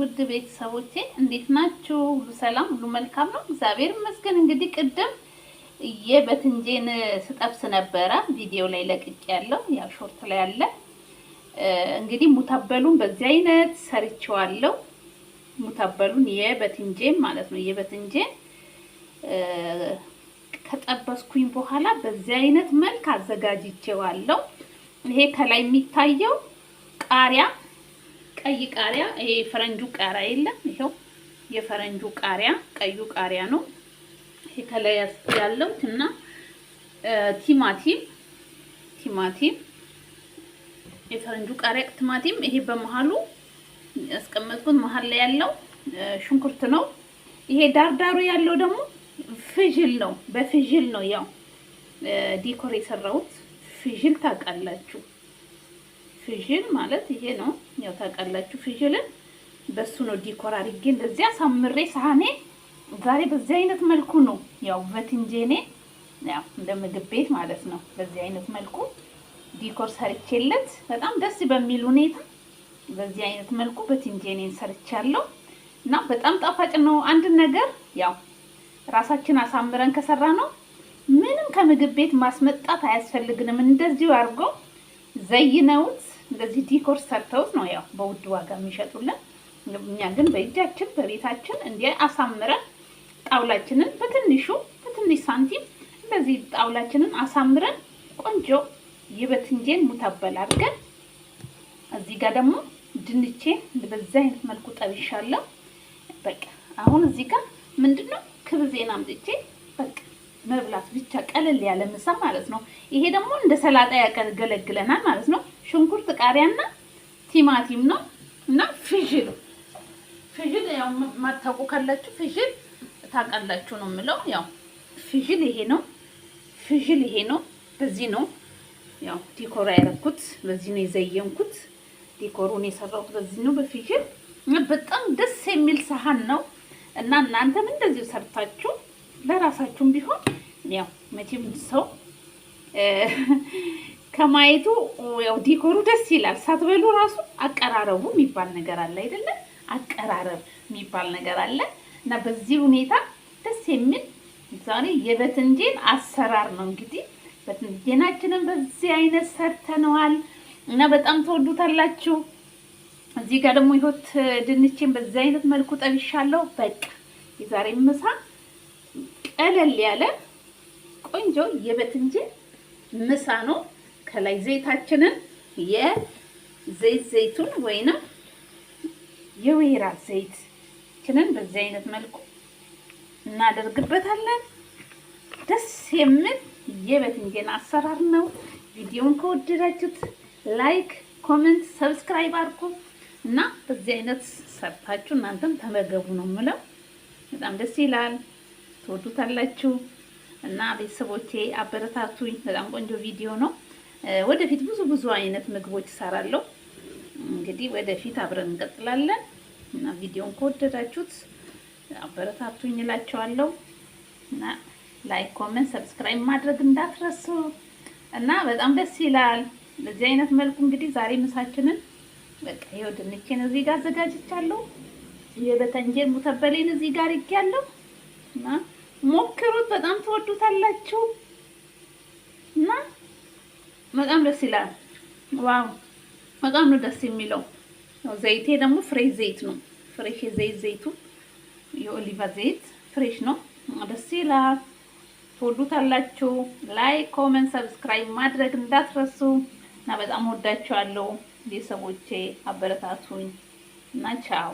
ውድ ቤተሰቦቼ እንዴት ናችሁ? ሁሉ ሰላም፣ ሁሉ መልካም ነው። እግዚአብሔር ይመስገን። እንግዲህ ቅድም የበትንጄን ስጠብስ ነበረ ቪዲዮ ላይ ለቅቄ ያለው ያው ሾርት ላይ አለ። እንግዲህ ሙታበሉን በዚህ አይነት ሰርቼዋለሁ። ሙታበሉን የበትንጄን ማለት ነው። የበትንጄን ከጠበስኩኝ በኋላ በዚህ አይነት መልክ አዘጋጅቼዋለሁ። ይሄ ከላይ የሚታየው ቃሪያ ቀይ ቃሪያ ይሄ የፈረንጁ ቃሪያ የለም። ይሄው የፈረንጁ ቃሪያ ቀዩ ቃሪያ ነው። ይሄ ከላይ ያለው እና ቲማቲም ቲማቲም የፈረንጁ ቃሪያ ቲማቲም። ይሄ በመሃሉ ያስቀመጥኩት መሀል ላይ ያለው ሽንኩርት ነው። ይሄ ዳርዳሩ ያለው ደግሞ ፍዥል ነው። በፍዥል ነው ያው ዲኮር የሰራሁት ፍዥል ታውቃላችሁ። ፍዥን ማለት ይሄ ነው። ያው ታውቃላችሁ ፍዥልን በሱ ነው ዲኮር አድርጌ እንደዚህ ሳምሬ ሳህኔ ዛሬ በዚህ አይነት መልኩ ነው ያው በትንጄኔ ያው እንደ ምግብ ቤት ማለት ነው። በዚህ አይነት መልኩ ዲኮር ሰርቼለት በጣም ደስ በሚል ሁኔታ በዚህ አይነት መልኩ በትንጄኔን ሰርቻለሁ እና በጣም ጣፋጭ ነው። አንድ ነገር ያው ራሳችን አሳምረን ከሰራ ነው ምንም ከምግብ ቤት ማስመጣት አያስፈልግንም። እንደዚሁ አድርገው ዘይነውት እንደዚህ ዲኮር ሰርተውት ነው ያው በውድ ዋጋ የሚሸጡልን። እኛ ግን በእጃችን በቤታችን እንዲህ አሳምረን ጣውላችንን በትንሹ በትንሽ ሳንቲም እንደዚህ ጣውላችንን አሳምረን ቆንጆ የበትንጄን ሙታበል አድርገን እዚህ ጋር ደግሞ ድንቼ በዚህ አይነት መልኩ ጠብሻለሁ። በቃ አሁን እዚህ ጋር ምንድነው ክብዜን አምጥቼ በቃ መብላት ብቻ ቀለል ያለ ምሳ ማለት ነው። ይሄ ደግሞ እንደ ሰላጣ ያገለግለናል ማለት ነው። ሽንኩርት ቃሪያና ቲማቲም ነው እና ፍዥል ፍዥል ያው ማታውቁ ካላችሁ ፍዥል ታውቃላችሁ ነው የምለው። ያው ፍዥል ይሄ ነው። ፍዥል ይሄ ነው። በዚህ ነው ያው ዲኮር ያደረኩት፣ በዚህ ነው የዘየንኩት። ዲኮሩን የሰራሁት በዚህ ነው በፍዥል። በጣም ደስ የሚል ሰሃን ነው እና እናንተም እንደዚሁ ሰርታችሁ ለራሳችሁም ቢሆን ያው መቼም ሰው ከማየቱ ያው ዲኮሩ ደስ ይላል። ሳትበሉ ራሱ አቀራረቡ የሚባል ነገር አለ አይደለም? አቀራረብ የሚባል ነገር አለ እና በዚህ ሁኔታ ደስ የሚል ዛሬ የበትንጄን አሰራር ነው እንግዲህ በትንጄናችንን በዚህ አይነት ሰርተነዋል እና በጣም ተወዱታላችሁ። እዚህ ጋር ደግሞ ይሁት ድንቼን በዚህ አይነት መልኩ ጠብሻለሁ። በቃ የዛሬ ምሳ ቀለል ያለ ቆንጆ የበትንጅ ምሳ ነው። ከላይ ዘይታችንን የዘይት ዘይቱን ወይንም የወይራ ዘይትችንን በዚህ አይነት መልኩ እናደርግበታለን። ደስ የሚል የበትንጅን አሰራር ነው። ቪዲዮውን ከወደዳችሁት ላይክ፣ ኮሜንት፣ ሰብስክራይብ አድርጉ እና በዚህ አይነት ሰርታችሁ እናንተም ተመገቡ ነው የምለው። በጣም ደስ ይላል። ትወዱታላችሁ እና ቤተሰቦቼ አበረታቱኝ። በጣም ቆንጆ ቪዲዮ ነው። ወደፊት ብዙ ብዙ አይነት ምግቦች እሰራለሁ። እንግዲህ ወደፊት አብረን እንቀጥላለን እና ቪዲዮን ከወደዳችሁት አበረታቱኝ እላቸዋለሁ እና ላይክ፣ ኮመንት፣ ሰብስክራይብ ማድረግ እንዳትረሱ እና በጣም ደስ ይላል። በዚህ አይነት መልኩ እንግዲህ ዛሬ ምሳችንን በቃ ይኸው ድንቼን እዚህ ጋር አዘጋጅቻለሁ። የበተንጀር ሙተበሌን እዚህ ጋር ይጌያለሁ እና ሞክሩት፣ በጣም ትወዱታላችሁ እና በጣም ደስ ይላል። ዋው በጣም ነው ደስ የሚለው። ዘይቴ ደግሞ ፍሬሽ ዘይት ነው። ፍሬሽ ዘይት ዘይቱ የኦሊቫ ዘይት ፍሬሽ ነው። ደስ ይላል። ትወዱታላችሁ። ላይክ፣ ኮመንት፣ ሰብስክራይብ ማድረግ እንዳትረሱ እና በጣም ወዳችኋለሁ ቤተሰቦቼ፣ አበረታቱኝ እና ቻው።